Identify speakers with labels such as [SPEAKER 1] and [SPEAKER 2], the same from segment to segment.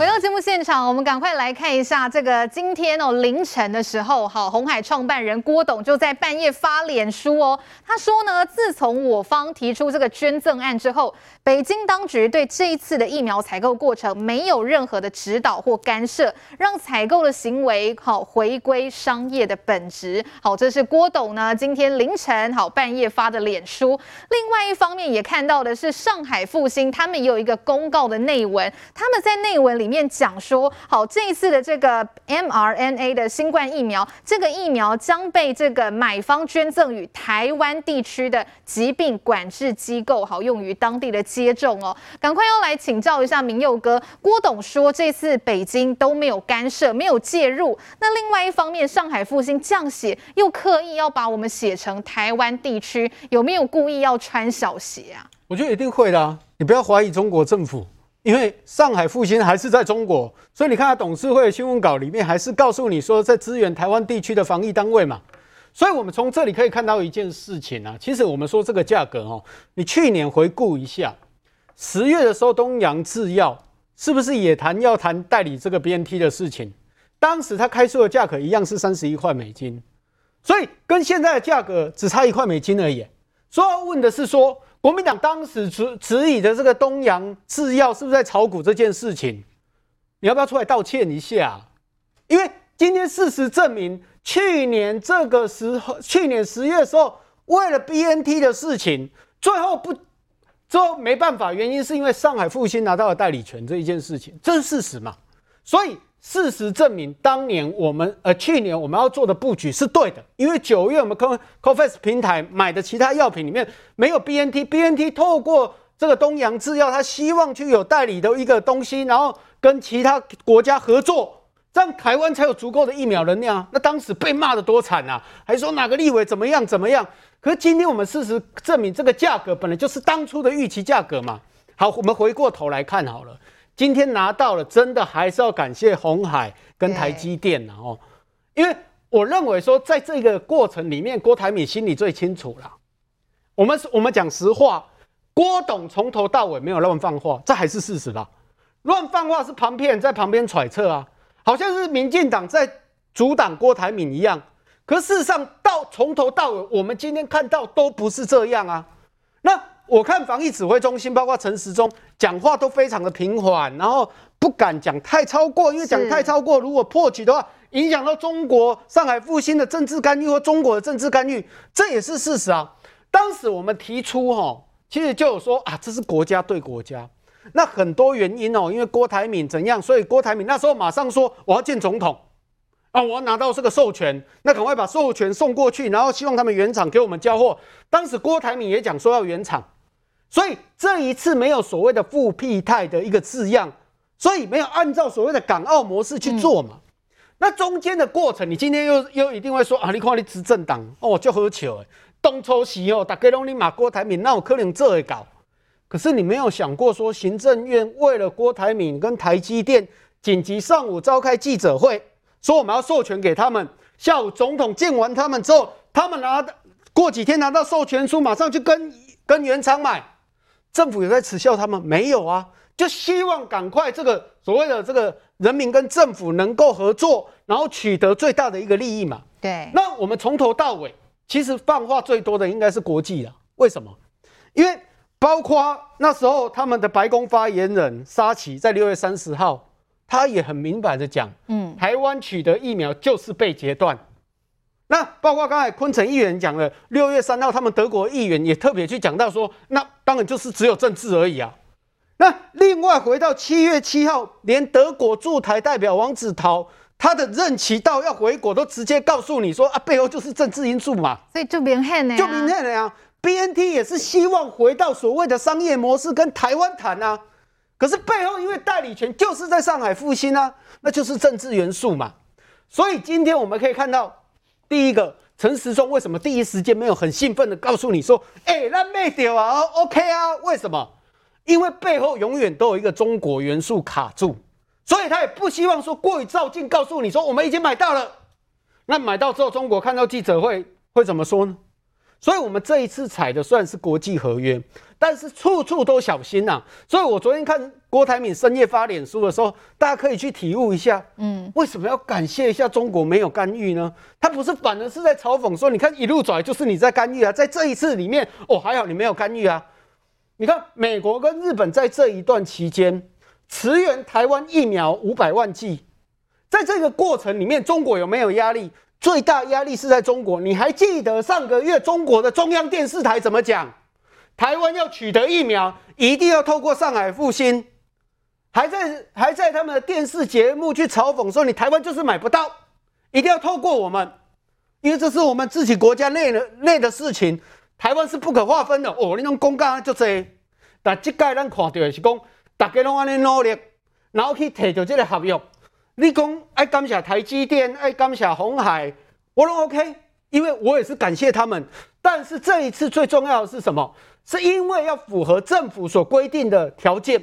[SPEAKER 1] 回到節目現場，我們趕快來看一下這個今天哦凌晨的時候，好，鴻海創辦人郭董就在半夜發臉書哦。他說呢，自從我方提出這個捐贈案之後，北京當局對這一次的疫苗採購過程沒有任何的指導或干涉，讓採購的行為好回歸商業的本質。好，這是郭董呢今天凌晨好半夜發的臉書。另外一方面也看到的是上海復星，他們也有一個公告的內文，他們在內文裡。裡面講說好，這一次的這個 mRNA 的新冠疫苗，這個疫苗將被這個買方捐贈於台灣地區的疾病管制機構，好用於當地的接種哦。趕快要來請教一下銘祐哥，郭董說，這次北京都沒有干涉，沒有介入。那另外一方面，上海復星降血又刻意要把我們寫成台灣地區，有沒有故意要穿小鞋啊？
[SPEAKER 2] 我覺得一定會的啊，你不要懷疑中國政府。因為上海復星還是在中國，所以你看它董事會的新聞稿裡面還是告訴你說，在支援台灣地區的防疫單位嘛。所以我們從這裡可以看到一件事情啊，其實我們說這個價格哦，你去年回顧一下，十月的時候東洋製藥是不是也談要談代理這個 B N T 的事情？當時他開出的價格一樣是三十一塊美金，所以跟現在的價格只差一塊美金而已。所以要問的是說，國民黨當時指指以的這個東洋製藥是不是在炒股這件事情，你要不要出來道歉一下？因為今天事實證明，去年這個時候，去年十月的時候，為了 BNT 的事情，最後不最後沒辦法，原因是因為上海復星拿到了代理權這一件事情，這是事實嘛？所以。事實證明，當年我們呃去年我們要做的布局是對的，因為九月我們 COVAX 平台買的其他藥品裡面沒有 BNT，BNT 透過這個東洋製藥，他希望去有代理的一個東西，然後跟其他國家合作，這樣台灣才有足夠的疫苗能量啊。那當時被罵得多慘啊，還說哪個立委怎麼樣怎麼樣。可是今天我們事實證明，這個價格本來就是當初的預期價格嘛。好，我們回過頭來看好了。今天拿到了，真的還是要感謝鴻海跟台積電哦、啊，因為我認為說，在這個過程裡面，郭台銘心裡最清楚了。我們我們講實話，郭董從頭到尾沒有亂放話，這還是事實啦。亂放話是旁邊人在旁邊揣測啊，好像是民進黨在阻擋郭台銘一樣。可事實上，到從頭到尾，我們今天看到都不是這樣啊。那。我看防疫指揮中心，包括陳時中講話都非常的平緩，然後不敢講太超過，因為講太超過，如果破局的話，影響到中國上海復興的政治干預和中國的政治干預，這也是事實啊。當時我們提出齁，其實就有說啊，這是國家對國家，那很多原因哦，因為郭台銘怎樣，所以郭台銘那時候馬上說，我要見總統啊，我要拿到這個授權，那趕快把授權送過去，然後希望他們原廠給我們交貨。當時郭台銘也講說要原廠。所以這一次沒有所謂的復必泰的一個字樣，所以沒有按照所謂的港澳模式去做嘛。嗯、那中間的過程，你今天又又一定會說啊，你看你執政黨哦，真好笑的，東抽西哦，大家都你罵郭台銘，那我可能這一搞。可是你沒有想過說，行政院為了郭台銘跟台積電，緊急上午召開記者會，說我們要授權給他們。下午總統見完他們之後，他們拿過幾天拿到授權書，馬上就跟跟原廠買。政府也在恥笑他們，沒有啊，就希望趕快這個所謂的這個人民跟政府能夠合作，然後取得最大的一個利益嘛。對，那我們從頭到尾，其實放話最多的應該是國際啦。為什麼？因為包括那時候他們的白宮發言人莎琪在六月三十號，他也很明白地講，嗯，台灣取得疫苗就是被截斷。那包括剛才坤城議員講了，六月三號他們德國議員也特別去講到說，那當然就是只有政治而已啊。那另外回到七月七號，連德國駐台代表王子陶他的任期到要回國，都直接告訴你說啊，背後就是政治因素嘛。所以就明顯了、啊，就明顯了呀。BNT 也是希望回到所謂的商業模式跟台灣談啊，可是背後因為代理權就是在上海復星啊，那就是政治元素嘛。所以今天我們可以看到。第一個陳時中為什麼第一時間沒有很興奮的告訴你說，哎、欸，那沒掉啊，OK 啊？為什麼？因為背後永遠都有一個中國元素卡住，所以他也不希望說過於躁進告訴你說我們已經買到了。那買到之後，中國看到記者會會怎麼說呢？所以我們這一次採的算是國際合約。但是處處都小心吶、啊，所以我昨天看郭台銘深夜發臉書的時候，大家可以去體悟一下，嗯，為什麼要感謝一下中國沒有干預呢？他不是反而是在嘲諷說，你看一路走來就是你在干預啊，在這一次裡面哦還好你沒有干預啊，你看美國跟日本在這一段期間馳援台灣疫苗五百萬劑，在這個過程裡面，中國有沒有壓力？最大壓力是在中國，你還記得上個月中國的中央電視台怎麼講？台灣要取得疫苗，一定要透過上海復星還在還在他們的電視節目去嘲諷說，你台灣就是買不到，一定要透過我們，因為這是我們自己國家內的內的事情，台灣是不可劃分的。我那種公告就這，但這屆咱看到的是講大家都安尼努力，然後去摕到這個合約。你講愛感謝台積電，愛感謝鴻海，我都 OK，因為我也是感謝他們。但是這一次最重要的是什麼？是因為要符合政府所規定的條件，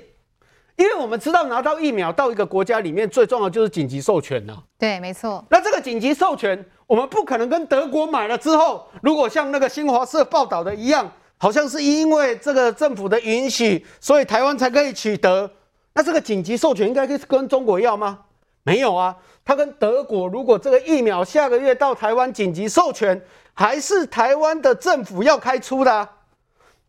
[SPEAKER 2] 因為我們知道拿到疫苗到一個國家裡面，最重要就是緊急授權。
[SPEAKER 1] 對，沒錯。
[SPEAKER 2] 那這個緊急授權，我們不可能跟德國買了之後，如果像那個新華社報道的一樣，好像是因為這個政府的允許，所以台灣才可以取得。那這個緊急授權應該可以跟中國要嗎？沒有啊，他跟德國如果這個疫苗下個月到台灣緊急授權，還是台灣的政府要開出的啊。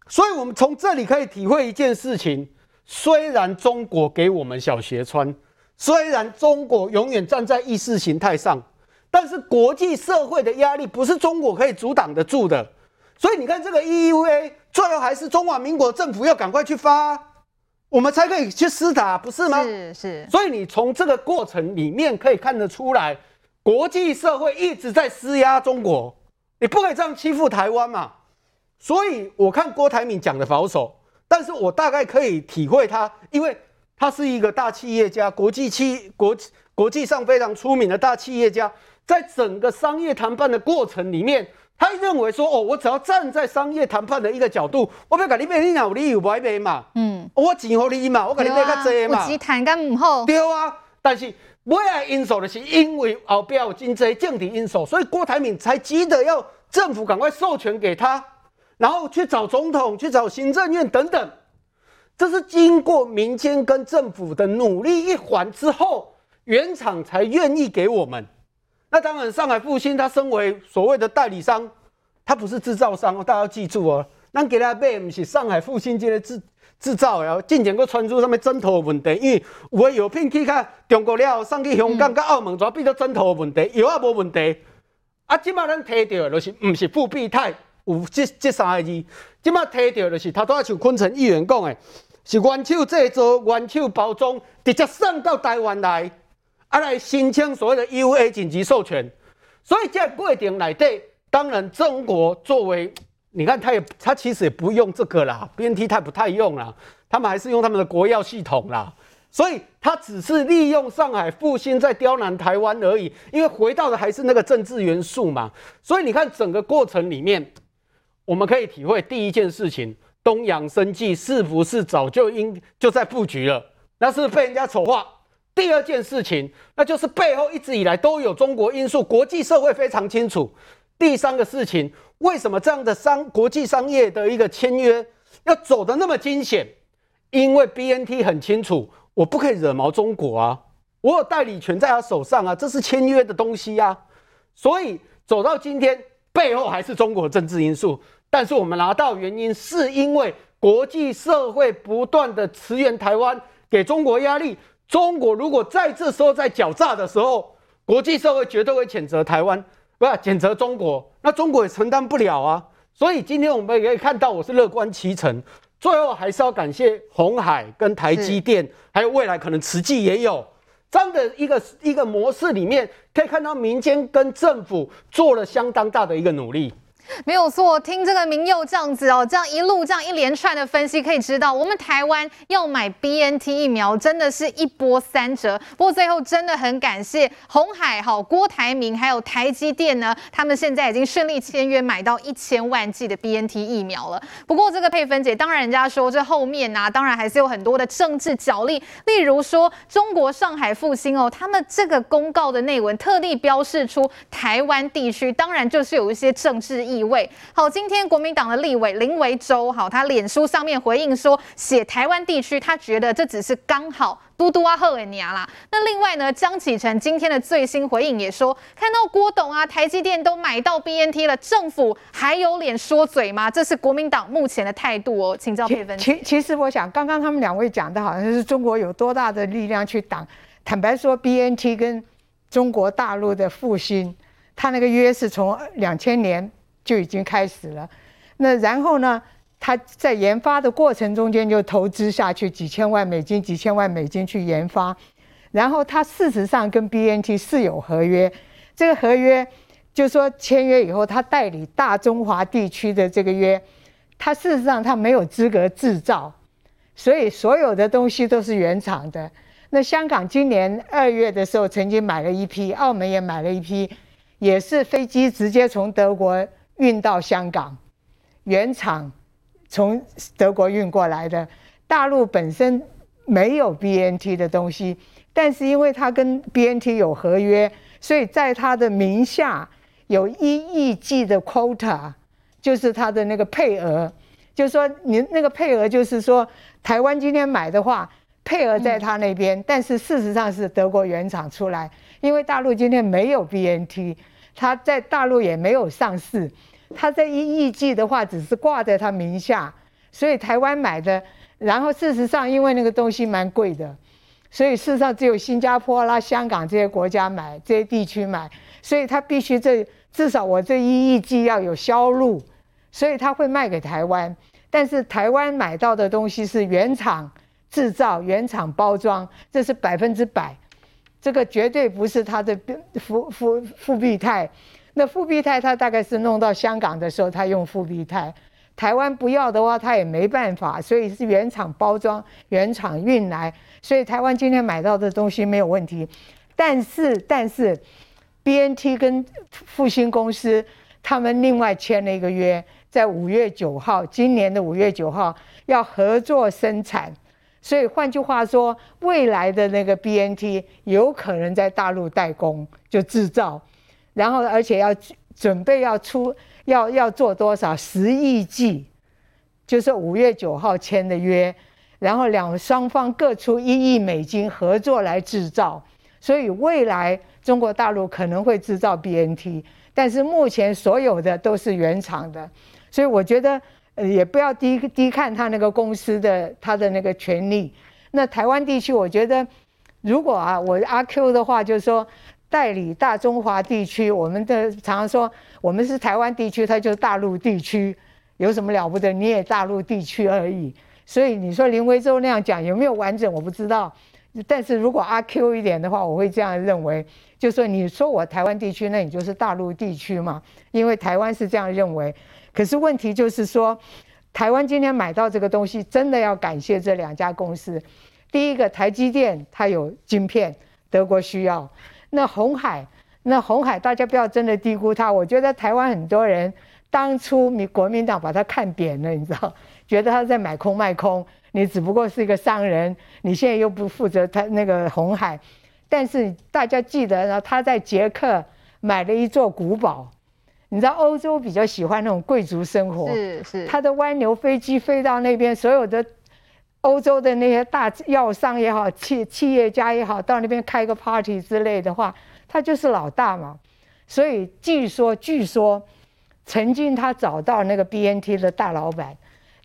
[SPEAKER 2] 所以，我們從這裡可以體會一件事情：雖然中國給我們小鞋穿，雖然中國永遠站在意識形態上，但是國際社會的壓力不是中國可以阻擋得住的。所以，你看這個 EUA 最後還是中華民國政府要趕快去發，我們才可以去施打，不是嗎？是是。是所以，你從這個過程裡面可以看得出來，國際社會一直在施壓中國，你不可以這樣欺負台灣嘛。所以我看郭台銘講的保守，但是我大概可以體會他，因為他是一個大企業家，國際企國國際上非常出名的大企業家，在整個商業談判的過程裡面，他認為說，哦，我只要站在商業談判的一個角度，我不要講你沒有理由不買賣嘛，嗯，我錢給你嘛，我講你買卡多嘛，啊、我只
[SPEAKER 1] 談個不好，
[SPEAKER 2] 對啊，但是買個因素就是因為後邊有經濟降低因素，所以郭台銘才急著要政府趕快授權給他。然後去找總統，去找行政院等等，這是經過民間跟政府的努力一環之後，原廠才願意給我們。那當然，上海復星他身為所謂的代理商，他不是製造商哦，大家要記住哦。那給他買，不是上海復星這個製製造的哦。之前佫傳出上面針頭的問題，因為我有病去看中國了，上去香港、跟澳門，全部變做針頭的問題，藥、嗯、也無問題。啊，即擺咱摕到的，就是不是復必泰。有這這三個字，即馬提到就是他拄仔像昆城議員講的，是原廠製造，原廠包裝，直接送到台灣來，啊來申請所謂的 U A 緊急授權。所以這個過程內底，當然中國作為，你看他也他其實也不用這個啦，B N T 他不太用啦，他們還是用他們的國藥系統啦。所以他只是利用上海復星在刁難台灣而已，因為回到的還是那個政治元素嘛。所以你看整個過程裡面。我們可以體會第一件事情，東洋生技是不是早就應就在布局了？那是，是被人家醜化。第二件事情，那就是背後一直以來都有中國因素，國際社會非常清楚。第三個事情，為什麼這樣的商國際商業的一個簽約要走得那麼驚險？因為 BNT 很清楚，我不可以惹毛中國啊，我有代理權在他手上啊，這是簽約的東西啊。所以走到今天，背後還是中國的政治因素。但是我們拿到原因，是因為國際社會不斷的馳援台灣，給中國壓力。中國如果在這時候在狡詐的時候，國際社會絕對會譴責台灣，不要譴、啊、責中國，那中國也承擔不了啊。所以今天我們也可以看到，我是樂觀其成。最後還是要感謝鴻海跟台積電，是還有未來可能慈濟也有這樣的一個一個模式裡面，可以看到民間跟政府做了相當大的一個努力。
[SPEAKER 1] 沒有錯，聽這個銘祐這樣子哦，這樣一路這樣一連串的分析，可以知道我們台灣要買 B N T 疫苗，真的是一波三折。不過最後真的很感謝鴻海好、好郭台銘，還有台積電呢，他們現在已經順利簽約買到一千萬劑的 B N T 疫苗了。不過這個佩芬姐，當然人家說這後面啊，當然還是有很多的政治角力，例如說中國上海復星哦，他們這個公告的內文特地標示出台灣地區，當然就是有一些政治意。一位好，今天國民黨的立委林維洲，好，他臉書上面回應說，寫台灣地區，他覺得這只是剛好嘟嘟啊，赫爾尼亞啦。那另外呢，江啟臣今天的最新回應也說，看到郭董啊，台積電都買到 BNT 了，政府還有臉說嘴嗎？這是國民黨目前的態度哦，
[SPEAKER 3] 請教佩芬。其其實我想，剛剛他們兩位講的好像是中國有多大的力量去擋。坦白說，BNT 跟中國大陸的復星，他那個約是從兩千年。就已經開始了，那然後呢，他在研發的過程中間就投資下去幾千萬美金，幾千萬美金去研發。然後他事實上跟 BNT 是有合約，這個合約就是說，簽約以後，他代理大中華地區的這個約，他事實上他沒有資格製造，所以所有的東西都是原廠的。那香港今年二月的時候曾經買了一批，澳門也買了一批，也是飛機直接從德國。運到香港，原廠從德國運過來的，大陸本身沒有 BNT 的東西，但是因為它跟 BNT 有合約，所以在它的名下有一億劑的 quota，就是它的那個配額，就是說您那個配額，就是說台灣今天買的話，配額在他那邊，嗯、但是事實上是德國原廠出來，因為大陸今天沒有 BNT，它在大陸也沒有上市。他這一億劑，的話只是掛在他名下，所以台灣買的，然後事實上因為那個東西蠻貴的，所以事實上只有新加坡啦、香港這些國家買，這些地區買，所以他必須這至少我這一億劑要有銷路，所以他會賣給台灣，但是台灣買到的東西是原廠制造、原廠包裝，這是百分之百，這個絕對不是他的復復復必泰。那復必泰，他大概是弄到香港的時候，他用復必泰。台灣不要的話，他也沒辦法，所以是原廠包裝、原廠運來，所以台灣今天買到的東西沒有問題。但是，但是，BNT 跟復星公司他們另外簽了一個約，在五月九號，今年的五月九號要合作生產。所以換句話說，未來的那個 BNT 有可能在大陸代工，就制造。然後，而且要準備要出要要做多少十億劑，就是五月九號簽的約，然後兩雙方各出一億美金合作來制造，所以未來中國大陸可能會制造 BNT，但是目前所有的都是原廠的，所以我覺得呃也不要低低看他那個公司的他的那個權利。那台灣地區，我覺得如果啊我阿 Q 的話，就是說。代理大中華地區，我們的常常說我們是台灣地區，它就是大陸地區，有什麼了不得？你也大陸地區而已。所以你說林為洲那樣講有沒有完整？我不知道。但是如果阿 Q 一點的話，我會這樣認為，就說你說我台灣地區，那你就是大陸地區嘛，因為台灣是這樣認為。可是問題就是說，台灣今天買到這個東西，真的要感謝這兩家公司。第一個台積電，它有晶片，德國需要。那鴻海，那鴻海，大家不要真的低估他。我覺得台灣很多人當初民國民黨把他看扁了，你知道，覺得他在買空賣空，你只不過是一個商人，你現在又不負責他那個鴻海。但是大家記得，呢，他在捷克買了一座古堡，你知道歐洲比較喜歡那種貴族生活，是是。他的灣流飛機飛到那邊，所有的。歐洲的那些大藥商也好，企企業家也好，到那邊開個 party 之類的話，他就是老大嘛。所以據說，據說，曾經他找到那個 BNT 的大老板。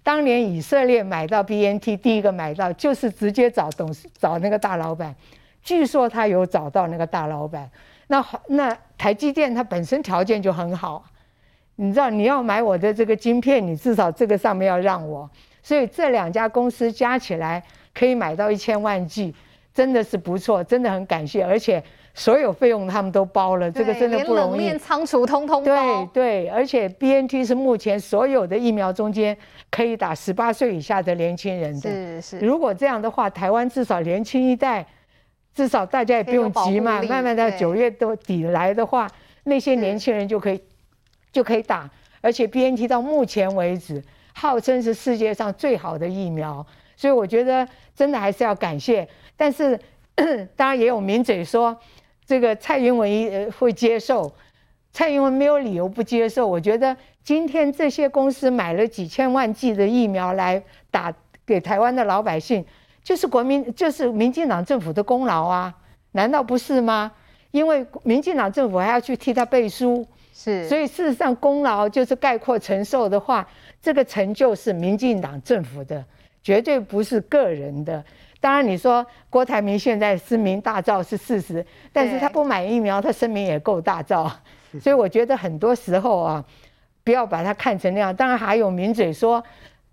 [SPEAKER 3] 當年以色列買到 BNT，第一個買到就是直接找董事，找那個大老板。據說他有找到那個大老板。那好，那台積電它本身條件就很好，你知道你要買我的這個晶片，你至少這個上面要讓我。所以這兩家公司加起來可以買到一千萬劑，真的是不錯，真的很感謝，而且所有費用他們都包了，這個真的不容易，連冷鏈倉儲通通包。對對，而且 BNT 是目前所有的，所有的疫苗中間可以打十八歲以下的年輕人的。是是。如果這樣的話，台灣至少年輕一代，至少大家也不用急嘛，慢慢到九月多底來的話，那些年輕人就可以就可以打，而且 BNT 到目前為止。號稱是世界上最好的疫苗，所以我覺得真的還是要感謝。但是當然也有名嘴說，這個蔡英文也會接受。蔡英文沒有理由不接受。我覺得今天這些公司買了幾千萬劑的疫苗來打給台灣的老百姓，就是國民就是民進黨政府的功勞啊，難道不是嗎？因為民進黨政府還要去替他背書，是。所以事實上，功勞就是概括承受的話。這個成就是民進黨政府的，絕對不是個人的。當然，你說郭台銘現在聲名大噪是事實，對但是他不買疫苗，他聲名也夠大噪。所以我覺得很多時候啊，不要把他看成那樣。當然，還有名嘴說，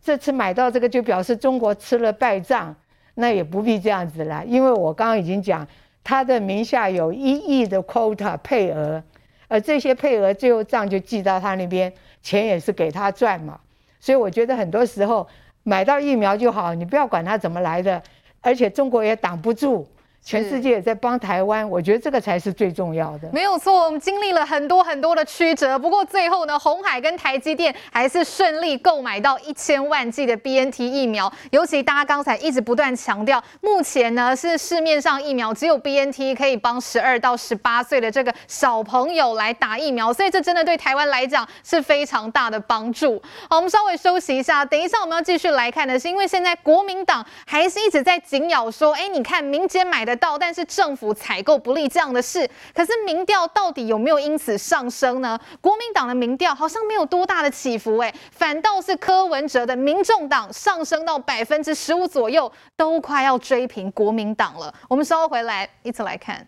[SPEAKER 3] 這次買到這個就表示中國吃了敗仗，那也不必這樣子了。因為我剛剛已經講，他的名下有一億的 quota 配額，而這些配額最後賬就記到他那邊，錢也是給他賺嘛。所以我覺得很多時候，買到疫苗就好，你不要管它怎麼來的，而且中國也擋不住。全世界也在幫台灣，是我覺得這個才是最重要的。
[SPEAKER 1] 沒有錯，我們經歷了很多很多的曲折，不過最後呢，鴻海跟台積電還是順利購買到一千萬劑的 B N T 疫苗。尤其大家剛才一直不斷強調，目前呢是市面上疫苗只有 B N T 可以幫十二到十八歲的這個小朋友來打疫苗，所以這真的對台灣來講是非常大的幫助。好，我們稍微休息一下，等一下我們要繼續來看的是，因為現在國民黨還是一直在緊咬說，哎、欸，你看民間買的。到，但是政府採購不利這樣的事，可是民調到底有沒有因此上升呢？國民黨的民調好像沒有多大的起伏、欸，誒，反倒是柯文哲的民眾黨上升到百分之十五左右，都快要追平國民黨了。我們稍後回來，一起來看。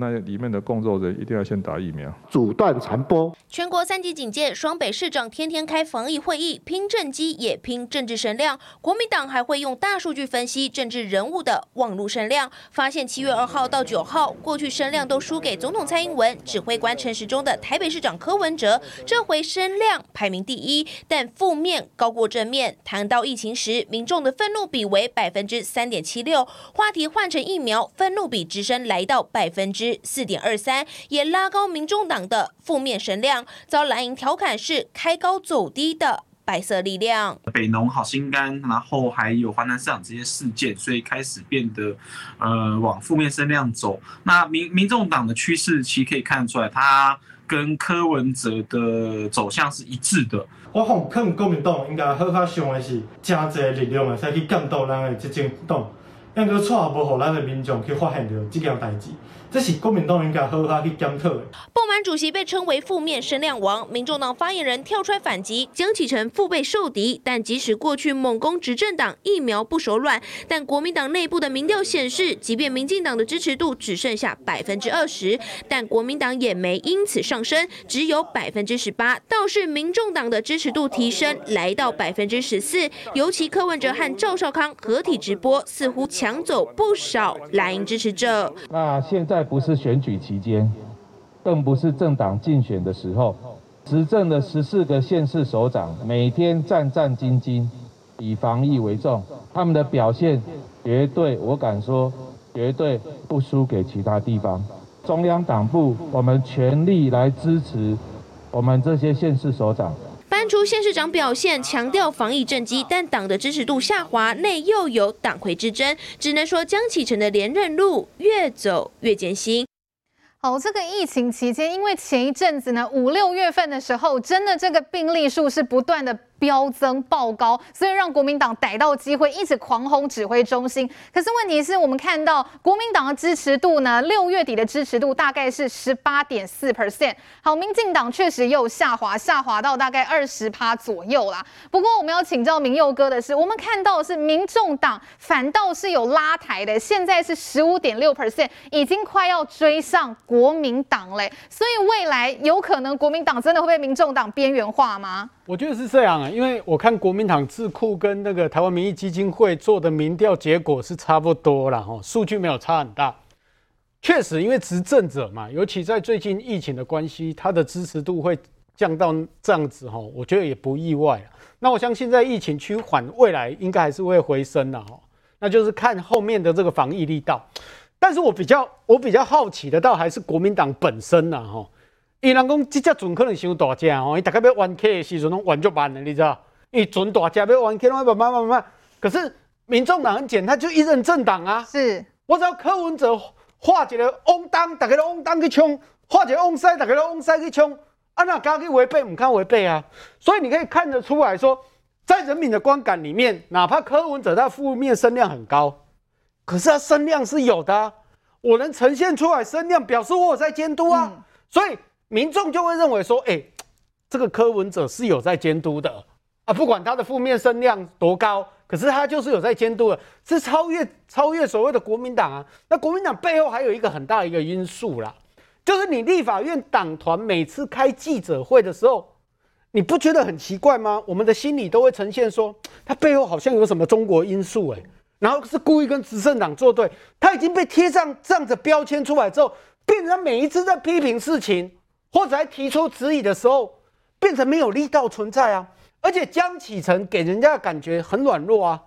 [SPEAKER 4] 那裡面的工作人員一定要先打疫苗，阻斷傳播。
[SPEAKER 5] 全國三級警戒，雙北市長天天開防疫會議，拼政績也拼政治聲量。國民黨還會用大數據分析政治人物的網絡聲量，發現七月二號到九號，過去聲量都輸給總統蔡英文、指揮官陳時中的台北市長柯文哲。這回聲量排名第一，但負面高過正面。談到疫情時，民眾的憤怒比為百分之三點七六，話題換成疫苗，憤怒比直升來到百分之。四點二三也拉高民眾黨的負面聲量，遭藍營調侃是開高走低的白色力量。
[SPEAKER 2] 北農好心肝，然後還有華南市場這些事件，所以開始變得呃往負面聲量走。那民民眾黨的趨勢，其實可以看出來，他跟柯文哲的
[SPEAKER 4] 走向是一致的。
[SPEAKER 2] 我從看方民講，應該好卡想的是真儕力量啊，使去監督咱的執政黨，但閣錯無，讓咱的民眾去發現到這件代志。這是國民黨應該好好去檢討。
[SPEAKER 5] 不滿主席被稱為負面聲量王，民眾黨發言人跳出反擊，江啟臣腹背受敵。但即使過去猛攻執政黨，疫苗不手軟，但國民黨內部的民調顯示，即便民進黨的支持度只剩下百分之二十，但國民黨也沒因此上升，只有百分之十八。倒是民眾黨的支持度提升，來到百分之十四，尤其柯文哲和趙少康合體直播，似乎搶走不少藍營支持者。那
[SPEAKER 4] 現在。在不是選舉期間，更不是政黨競選的時候，執政的十四個縣市首長每天戰戰兢兢，以防疫為重，他們的表現絕對，我敢說，絕對不輸給其他地方。中央黨部，我們全力來支持我們這些縣市首長。
[SPEAKER 5] 看出縣市長表現強調防疫政績，但黨的支持度下滑，內又有黨魁之爭，只能說江啟臣的連任路越走越艱辛。
[SPEAKER 1] 好，這個疫情期間，因為前一陣子呢，五六月份的時候，真的這個病例數是不斷的。飆增爆高，所以讓國民黨逮到機會，一直狂轟指揮中心。可是問題是我們看到國民黨的支持度呢，六月底的支持度大概是十八點四 percent。好，民進黨確實又有下滑，下滑到大概二十趴左右啦。不過我們要請教銘祐哥的是，我們看到的是民眾黨反倒是有拉抬的，現在是十五點六 percent，已經快要追上國民黨嘞。所以未來有可能國民黨真的會被民眾黨邊緣化嗎？
[SPEAKER 2] 我覺得是這樣啊。因為我看國民黨智庫跟那個台灣民意基金會做的民調結果是差不多了哈，數據沒有差很大。確實，因為執政者嘛，尤其在最近疫情的關係，他的支持度會降到這樣子哈，我覺得也不意外。那我相信現在疫情趨緩，未來應該還是會回升的哈，那就是看後面的這個防疫力道。但是我比較我比較好奇的，倒還是國民黨本身呢哈。伊人講即隻船可能傷大隻吼、喔，伊大概要彎 k 的時陣攏彎足慢的，你知道？伊船大隻要彎客攏慢慢慢慢。可是民眾黨很簡單，他就一任政黨啊。是。我只要柯文哲化解了翁當，大家來翁當去搶；化解翁西，大家來翁西去搶。啊，那敢去違背不敢違背啊。所以你可以看得出來說，在人民的觀感裡面，哪怕柯文哲在負面聲量很高，可是他聲量是有的啊。啊我能呈現出來聲量，表示我在監督啊。嗯、所以。民眾就會認為說，欸，這個柯文哲是有在監督的啊，不管他的負面聲量多高，可是他就是有在監督的，是超越超越所謂的國民黨啊。那國民黨背後還有一個很大的一個因素啦，就是你立法院黨團每次開記者會的時候，你不覺得很奇怪嗎？我們的心裡都會呈現說，他背後好像有什麼中國因素欸，然後是故意跟執政黨作對，他已經被貼上這樣子標籤出來之後，變成他每一次在批評事情。或者在提出質疑的時候，變成沒有力道存在啊！而且江啟臣給人家的感覺很軟弱啊，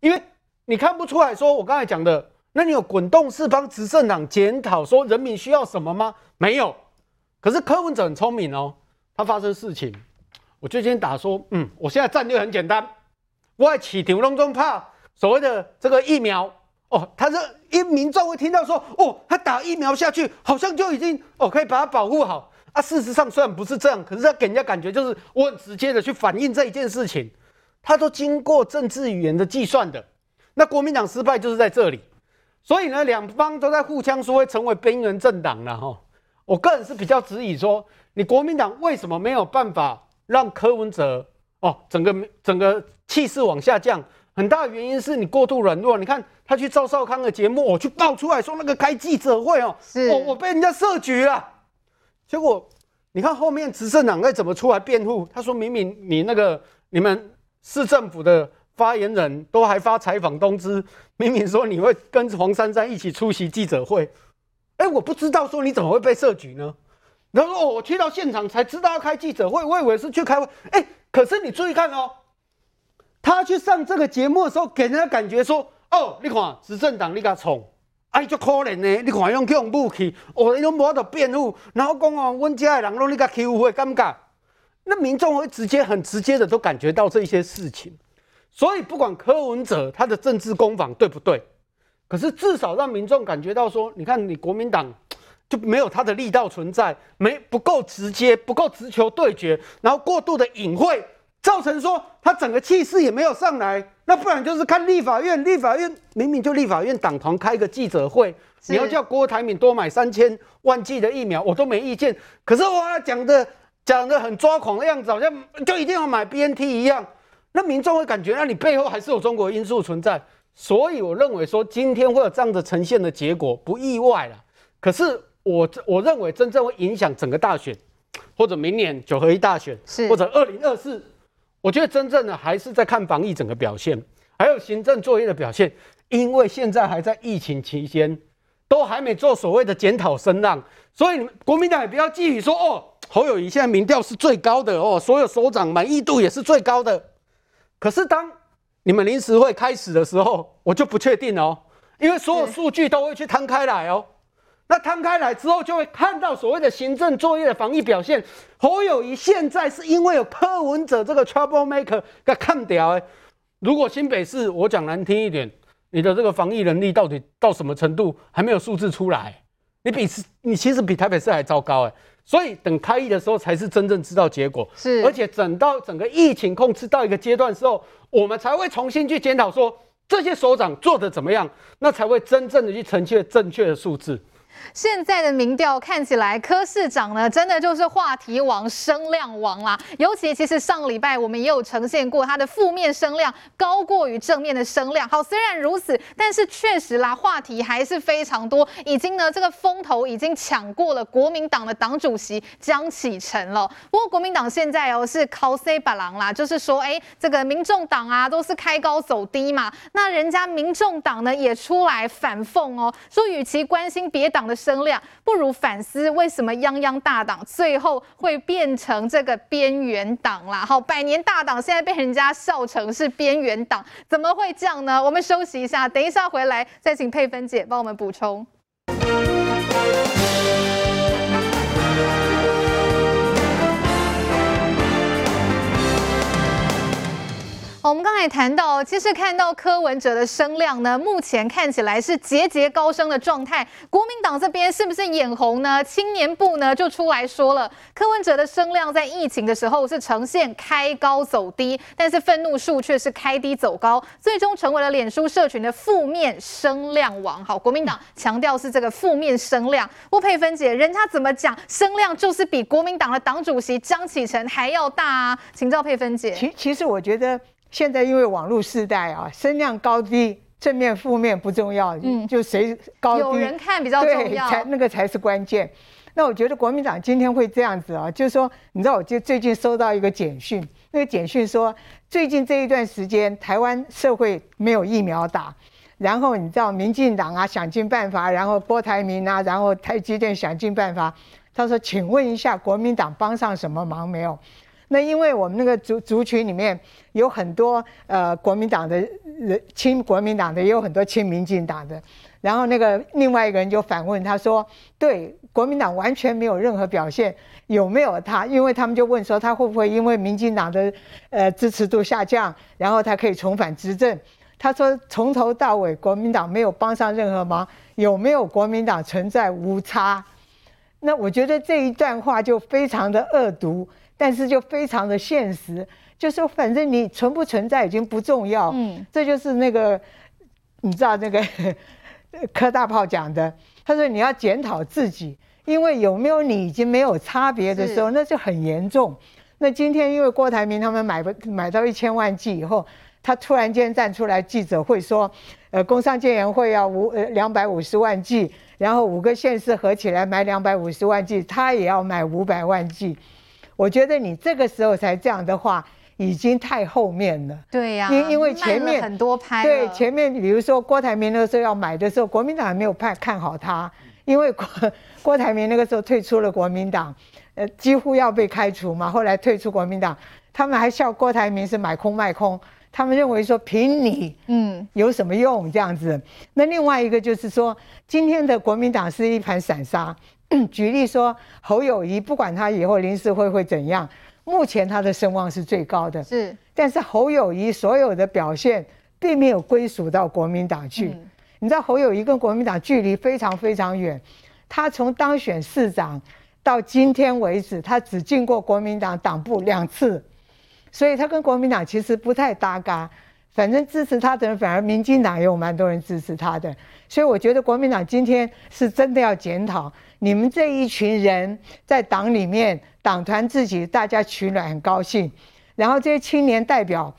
[SPEAKER 2] 因為你看不出來說我剛才講的，那你有滾動式幫執政黨檢討說人民需要什麼嗎？沒有。可是柯文哲很聰明哦，他發生事情，我就先打說，嗯，我現在戰略很簡單，我起跳當中怕所謂的這個疫苗哦，他這因民眾會聽到說，哦，他打疫苗下去好像就已經哦可以把它保護好。啊，事實上雖然不是這樣，可是他給人家感覺就是我很直接的去反映這一件事情。他都經過政治語言的計算的，那國民黨失敗就是在這裡。所以呢，兩方都在互相說會成為邊緣政黨了哈、哦。我個人是比較質疑說，你國民黨為什麼沒有辦法讓柯文哲哦，整個整個氣勢往下降？很大的原因是你過度軟弱。你看他去趙少康的節目，我、哦、去爆出來說那個開記者會是哦，我我被人家設局了。結果，你看後面執政黨該怎麼出來辯護？他說明明你那個你們市政府的發言人，都還發採訪通知，明明說你會跟黃珊珊一起出席記者會，哎，我不知道說你怎麼會被設局呢？然後哦，我去到現場才知道要開記者會，我也以為是去開會。哎，可是你注意看哦，他去上這個節目的時候，給人家感覺說，哦，你看執政黨你敢衝？哎，就、啊、可憐呢！你看用這種武器，哦，你用某一辯護，然後講哦，我們家的人攏你個欺負會尷尬，那民眾會直接很直接的都感覺到這一些事情。所以不管柯文哲他的政治攻防對不對，可是至少讓民眾感覺到說，你看你國民黨就沒有他的力道存在，沒不夠直接，不夠直球對決，然後過度的隱晦。造成說：“他整個氣勢也沒有上來，那不然就是看立法院。立法院明明就立法院黨團開個記者會，是你要叫郭台銘多買三千萬劑的疫苗，我都沒意見。可是他講的講的很抓狂的樣子，好像就一定要買 BNT 一樣。那民眾會感覺，那你背後還是有中國因素存在。所以我認為說，今天會有這樣的呈現的結果不意外了。可是我我認為，真正會影響整個大選，或者明年九合一大選，是或者二零二四。”我覺得真正的還是在看防疫整個表現，還有行政作業的表現，因為現在還在疫情期間，都還沒做所謂的檢討聲浪，所以你們國民黨也不要寄予說哦，侯友宜現在民調是最高的哦，所有首長滿意度也是最高的。可是當你們臨時會開始的時候，我就不確定哦，因為所有數據都會去攤開來哦。那攤開來之後，就會看到所謂的行政作業的防疫表現。侯友宜現在是因為有柯文哲，這個 trouble maker 要砍掉的。如果新北市，我講難聽一點，你的這個防疫能力到底到什麼程度，還沒有數字出來。你比你其實比台北市還糟糕哎。所以等開議的時候，才是真正知道結果。是，而且整到整個疫情控制到一個階段時候，我們才會重新去檢討說這些首長做的怎麼樣，那才會真正的去呈現正確的數字。
[SPEAKER 1] 現在的民調看起來，柯市長呢，真的就是話題王、聲量王啦。尤其其實上個禮拜我們也有呈現過他的負面聲量高過於正面的聲量。好，雖然如此，但是確實啦，話題還是非常多，已經呢這個風頭已經搶過了國民黨的黨主席江啟臣了。不過國民黨現在哦是靠塞把狼啦，就是說哎這個民眾黨啊都是開高走低嘛，那人家民眾黨呢也出來反諷哦，說與其關心別黨黨的聲量，不如反思為什麼泱泱大黨最後會變成這個邊緣黨啦。好，百年大黨現在被人家笑成是邊緣黨，怎麼會這樣呢？我們休息一下，等一下回來再請佩芬姐幫我們補充。剛才談到，其實看到柯文哲的聲量呢，目前看起來是節節高升的狀態。國民黨這邊是不是眼紅呢？青年部呢就出來說了，柯文哲的聲量在疫情的時候是呈現開高走低，但是憤怒數卻是開低走高，最終成為了臉書社群的負面聲量王。好，國民黨強調是這個負面聲量。不佩芬姐，人家怎麼講，聲量就是比國民黨的黨主席江啟臣
[SPEAKER 3] 還要大啊？請教佩芬姐，其實其實我覺得。現在因為網絡世代啊，聲量高低、正面負面不重要，嗯，就誰高低有人看比較重要，對，才那個才是關鍵。那我覺得國民黨今天會這樣子啊，就是說，你知道，我就最近收到一個簡訊，那個簡訊說，最近這一段時間台灣社會沒有疫苗打，然後你知道民進黨啊想盡辦法，然後郭台銘啊，然後台積電想盡辦法，他說，請問一下國民黨幫上什麼忙沒有？那因為我們那個族族群裡面有很多呃國民黨的人，親國民黨的也有很多親民進黨的，然後那個另外一個人就反問他說：“對國民黨完全沒有任何表現，有沒有他？因為他們就問說他會不會因為民進黨的呃支持度下降，然後他可以重返執政？他說從頭到尾國民黨沒有幫上任何忙，有沒有國民黨存在誤差？那我覺得這一段話就非常的惡毒。”但是就非常的現實，就是反正你存不存在已經不重要，嗯，這就是那個你知道那個呵呵柯大炮講的，他說你要檢討自己，因為有沒有你已經沒有差別的時候，是那就很嚴重。那今天因為郭台銘他們買不買到一千萬劑以後，他突然間站出來，記者會說，呃，工商建研會要五呃兩百五十萬劑，然後五個縣市合起來買兩百五十萬劑，他也要買五百萬劑。我覺得你這個時候才這樣的話，已經太後面了。對呀，啊，因因為前面很多拍對前面，比如說郭台銘那個時候要買的時候，國民黨還沒有派看好他，因為郭郭台銘那個時候退出了國民黨，呃，幾乎要被開除嘛。後來退出國民黨，他們還笑郭台銘是買空賣空，他們認為說憑你嗯有什麼用，嗯、這樣子。那另外一個就是說，今天的國民黨是一盤散沙。舉例說，侯友宜，不管他以後臨時會會怎樣，目前他的聲望是最高的。是，但是侯友宜所有的表現並沒有歸屬到國民黨去。你知道侯友宜跟國民黨距離非常非常遠，他從當選市長到今天為止，他只進過國民黨黨部兩次，所以他跟國民黨其實不太搭嘎。反正支持他的人，反而民進黨也有蠻多人支持他的，所以我覺得國民黨今天是真的要檢討，你們這一群人在黨裡面黨團自己大家取暖很高興，然後這些青年代表，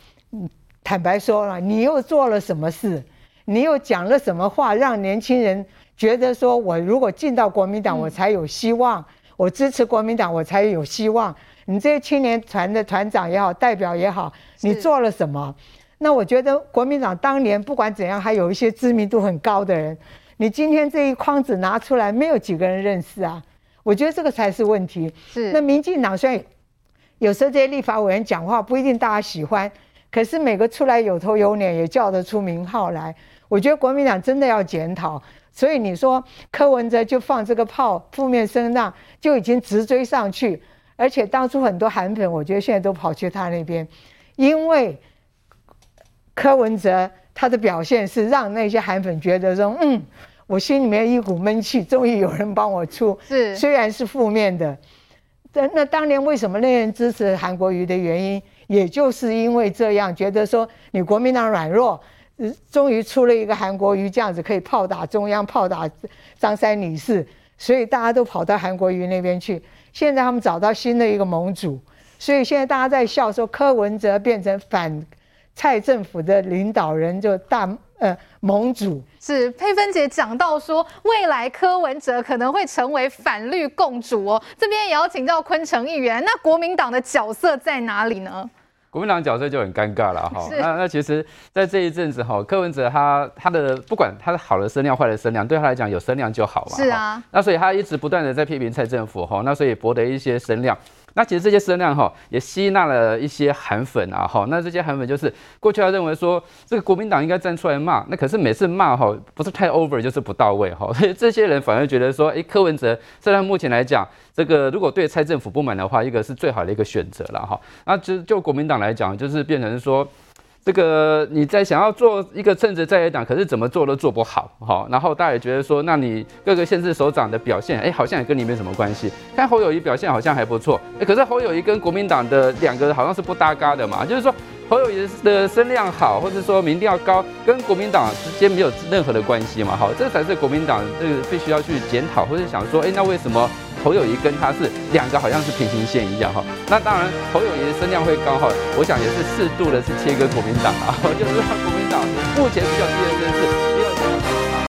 [SPEAKER 3] 坦白說了，你又做了什麼事？你又講了什麼話，讓年輕人覺得說我如果進到國民黨我才有希望，我支持國民黨我才有希望？你這些青年團的團長也好，代表也好，你做了什麼？那我覺得國民黨當年不管怎樣，還有一些知名度很高的人。你今天這一筐子拿出來，沒有幾個人認識啊。我覺得這個才是問題是。是那民進黨雖然有時候這些立法委員講話不一定大家喜歡，可是每個出來有頭有臉，也叫得出名號來。我覺得國民黨真的要檢討。所以你說柯文哲就放這個炮，負面聲浪就已經直追上去。而且當初很多韓粉，我覺得現在都跑去他那邊，因為。柯文哲他的表現是讓那些韓粉覺得說，嗯，我心裡面一股悶氣，終於有人幫我出，是雖然是負面的，但那當年為什麼那人支持韓國瑜的原因，也就是因為這樣，覺得說你國民黨軟弱，終於出了一個韓國瑜這樣子可以炮打中央、炮打張三李四，所以大家都跑到韓國瑜那邊去。現在他們找到新的一個盟主，所以現在大家在笑說柯文哲變成反。蔡政府的領導人就大，呃，盟主
[SPEAKER 1] 是佩芬姐講到說，未來柯文哲可能會成為反綠共主哦，這邊也要請到坤城議員，那國民黨的角色在哪裡呢？
[SPEAKER 4] 國民黨角色就很尷尬了哈，是那那其實，在這一陣子哈，柯文哲他他的不管他的好的聲量、壞的聲量，對他來講有聲量就好嘛，是啊，那所以他一直不斷的在批評蔡政府哈，那所以博得一些聲量。那其實這些聲量哈，也吸納了一些韓粉啊哈。那這些韓粉就是過去他認為說，這個國民黨應該站出來罵，那可是每次罵吼不是太 over，就是不到位哈。所以這些人反而覺得說，哎，柯文哲現在目前來講，這個如果對蔡政府不滿的話，一個是最好的一個選擇了哈。那其實就國民黨來講，就是變成說。這個你在想要做一個稱職在野黨，可是怎麼做都做不好，好，然後大家也覺得說，那你各個縣市首長的表現，哎、欸，好像也跟你沒什麼關係。看侯友宜表現好像還不錯，欸，可是侯友宜跟國民黨的兩個好像是不搭嘎的嘛，就是說侯友宜的聲量好，或者說民調高，跟國民黨之間沒有任何的關係嘛，好，這才是國民黨這個必須要去檢討，或是想說，哎、欸，那為什麼？侯友宜跟他是兩個好像是平行線一樣哈，那當然侯友宜的聲量會高哈，我想也是適度的是切割國民黨啊，就是國民黨
[SPEAKER 1] 目前比較低的聲勢。